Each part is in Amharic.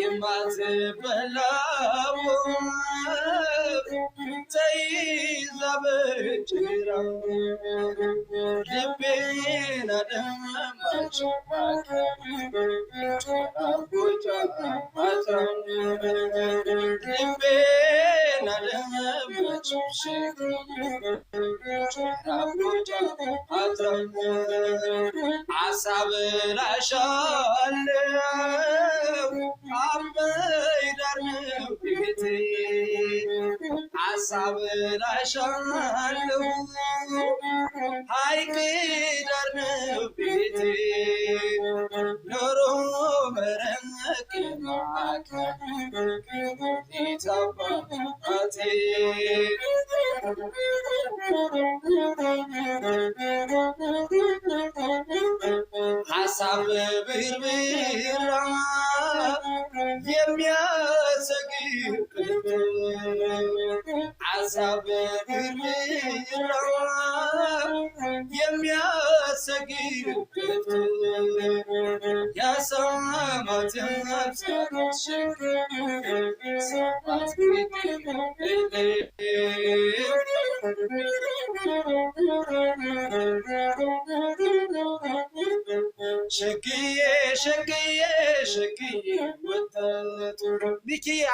የማትበላው ተይዛ በጭራ ልቤን አደማች ልቤን አደማች አሳብን አሻለው አበይ ዳርነው ሐሳብ ብርብራ የሚያሰግድ ሐሳብ ብርብራ ሸግዬ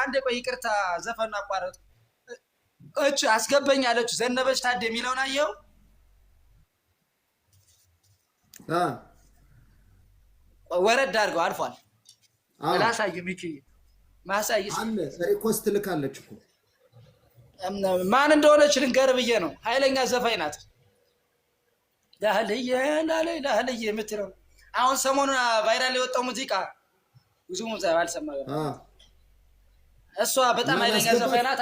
አንድ ቆይ፣ ይቅርታ ዘፈን አቋረጡ። እች አስገበኝ አለችው ዘነበች ታድ የሚለውን አየው ወረድ አድርገው አልፏል። ላሳየው ሚኪዬ ማሳየሽ ሪኮስት ልካለች እኮ ማን እንደሆነች ልንገርህ ብዬ ነው። ኃይለኛ ዘፋኝ ናት። ላህልዬ ላላይ ላህልዬ የምትለው አሁን ሰሞኑን ቫይራል የወጣው ሙዚቃ ብዙ አልሰማ እሷ በጣም ኃይለኛ ዘፋኝ ናት።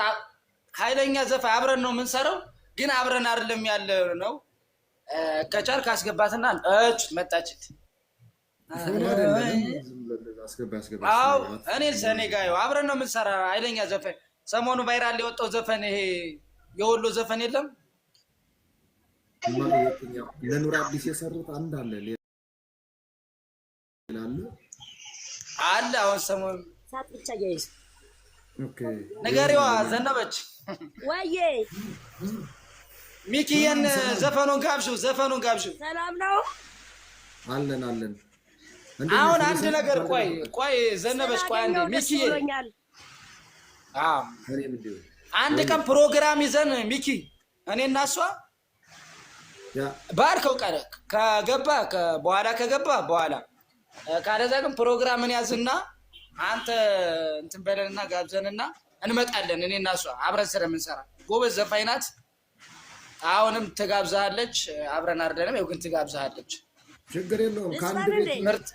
ኃይለኛ ዘፋኝ አብረን ነው የምንሰራው፣ ግን አብረን አይደለም ያለ ነው። ከቻልክ አስገባትና መጣችት እኔ እኔ ጋ አብረን ነው የምንሰራ። ኃይለኛ ዘፈን ሰሞኑ ቫይራል የወጣው ዘፈን ይሄ የወሎ ዘፈን የለም ለኑር አዲስ የሰሩት አንድ አለ አለ አሁን ሰሞኑ ነገሪዋ ዘነበች ወይዬ ሚኪየን ዘፈኑን ዘፈኑን ሰላም ነው አለን አለን አሁን አንድ ነገር ቆይ ቆይ ዘነበሽ ቆይ አንዴ ሚኪ አንድ ቀን ፕሮግራም ይዘን ሚኪ እኔ እና እሷ ባልከው ቀረ ከገባ በኋላ ከገባ በኋላ ካለዛ ግን ፕሮግራምን ያዝና አንተ እንትን በለንና ጋብዘንና እንመጣለን። እኔ እና እሷ አብረን ስለምንሰራ ጎበዝ ዘፋኝ ናት። አሁንም ትጋብዛሃለች። አብረን አርደንም ያው ግን ትጋብዛለች። ችግር የለውም ከአንድ ቤት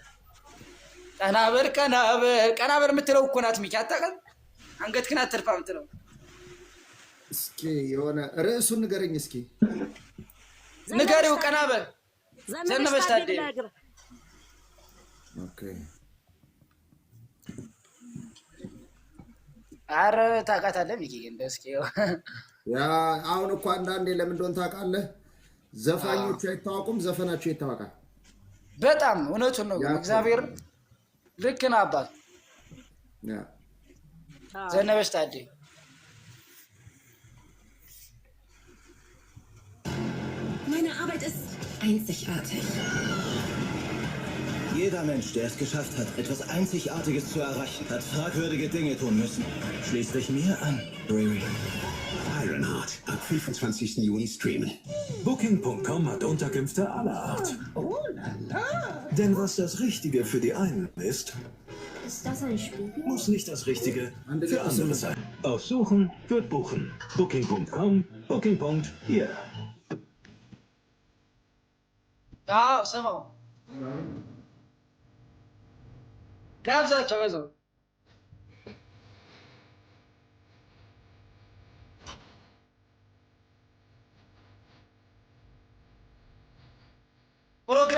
ቀናበር ቀናበር ቀናበር የምትለው እኮ ናት ሚኪ አታውቅም? አንገትህን አትርፋ የምትለው እስኪ የሆነ ርዕሱን ንገረኝ እስኪ ንገሪው። ቀናበር ዘነበች ታዴ አረ ታውቃታለህ ሚኪ እንደው እስኪ አሁን እኮ አንዳንዴ ለምን እንደሆነ ታውቃለህ፣ ዘፋኞቹ አይታወቁም፣ ዘፈናቸው ይታወቃል። በጣም እውነቱን ነው እግዚአብሔር ልክ ነው አባት ዘነበች ታዴ Meine Arbeit ist einzigartig. Jeder Mensch, der es geschafft hat, etwas Einzigartiges zu erreichen, hat fragwürdige Dinge tun müssen. Schließ dich mir an, Riri. Ironheart ab 25. Juni streamen. Booking.com hat Unterkünfte aller Art. Oh. Denn was das Richtige für die einen ist, ist das ein Spiegel? muss nicht das Richtige für andere sein. Aussuchen wird buchen. Booking.com, Booking.ir. Ah, sawa. Nawza taweza.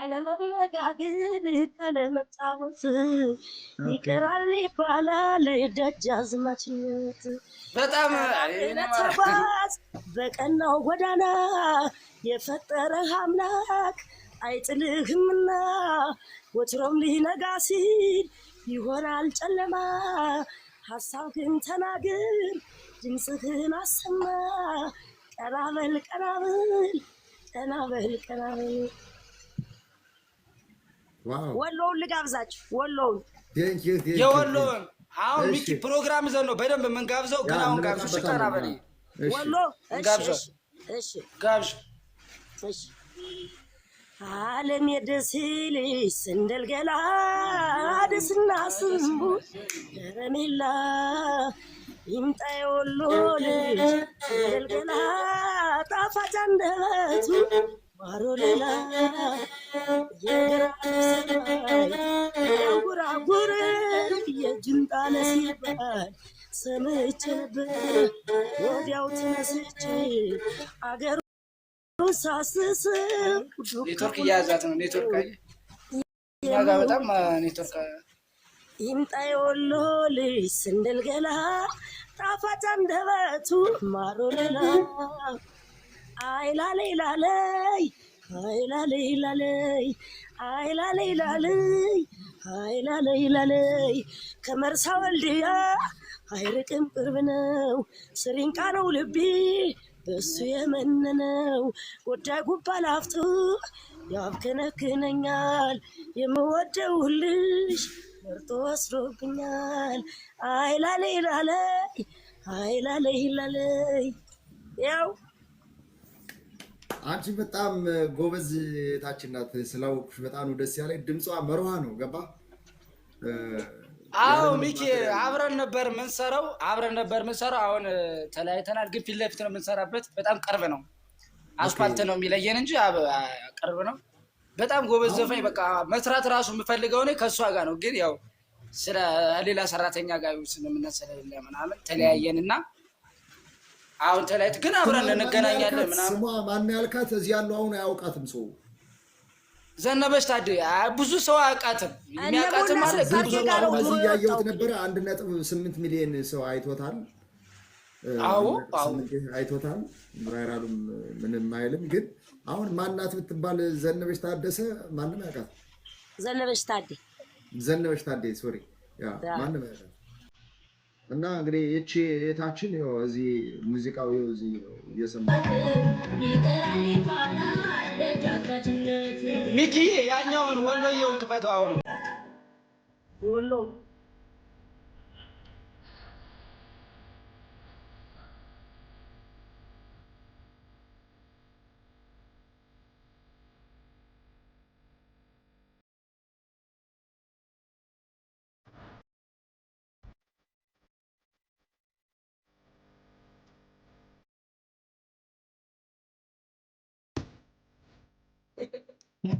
አለመረጋገን ይቀራል ይባላል ደጃዝማችነት። በጣም በቀናው ጎዳና የፈጠረህ አምላክ አይጥልህምና ወትሮም ሊነጋ ሲል ይሆናል ጨለማ። ሀሳብህን ተናግር፣ ድምፅህን አሰማ። ቀናበል ቀናበል ቀናበል ቀናበል ወሎውን ልጋብዛችሁ። ወሎውን የወሎውን አሁን ሚኪ ፕሮግራም ይዘን ነው በደንብ የምንጋብዘው። ግን አሁን ጋብዙ ሽጠራ በ ወሎ ጋብዙ አለም የደሴ ልጅ ሰንደል ገላ ደስና ስንቡ ደረሜላ ይምጣ የወሎ ልጅ ሰንደል ገላ ጣፋጭ አንደበቱ ማሮ ሌላ የጉራጉር የጅምጣ ነሲባል ሰምቼ ወዲያው ተነስቼ አገሩ ሳስስ ኔትወርክ እያያዛት ነው። ኔትወርክ አየህ በጣም ኔትወርክ ይምጣ የወሎ ልጅ ስንደል ገላ ጣፋጭ አንደበቱ ማሮ ሌላ አይላለ ይላለይ ሃይላለይ ላለይ ሃይላለይ ላለይ ሃይላለይ ላለይ ከመርሳ ወልድያ አይርቅም ቅርብ ነው። ስሪንቃ ነው ልቤ በሱ የመነነው ጉዳይ ጉባ ላፍቶ ያብከነክነኛል የምወደው ልጅ መርጦ ወስዶብኛል። አይላለይ ላለይ አይላለይ ላለይ ያው አንቺ በጣም ጎበዝ ታችን ናት። ስላወቅሽ በጣም ደስ ያለ ድምጿ መርሃ ነው። ገባ? አዎ ሚኪ፣ አብረን ነበር ምንሰራው፣ አብረን ነበር ምንሰራው። አሁን ተለያይተናል፣ ግን ፊት ለፊት ነው የምንሰራበት። በጣም ቅርብ ነው፣ አስፋልት ነው የሚለየን እንጂ ቅርብ ነው። በጣም ጎበዝ ዘፋኝ፣ በቃ መስራት ራሱ የምፈልገው እኔ ከእሷ ጋር ነው። ግን ያው ስለ ሌላ ሰራተኛ ጋር ስለምናሰለ ምናምን ተለያየን እና አሁን ተለያይት ግን አብረን እንገናኛለን ምናምን። ማን ያልካት? እዚህ ያለው አሁን አያውቃትም ሰው ዘነበች ታደ ብዙ ሰው አያውቃትም። የሚያውቃትም አለ ብዙ እያየሁት ነበረ። አንድ ነጥብ ስምንት ሚሊዮን ሰው አይቶታል። አዎ አይቶታል። ራይራሉም ምንም አይልም። ግን አሁን ማናት ብትባል ዘነበች ታደሰ ማንም ያውቃት። ዘነበች ታዴ ዘነበች ታዴ ሶሪ ማንም ያውቃት እና እንግዲህ ይቺ የታችን እዚህ ሙዚቃው እዚህ እየሰማ ሚኪ ያኛውን ወሎየውን ክፈተው አሁን Yeah.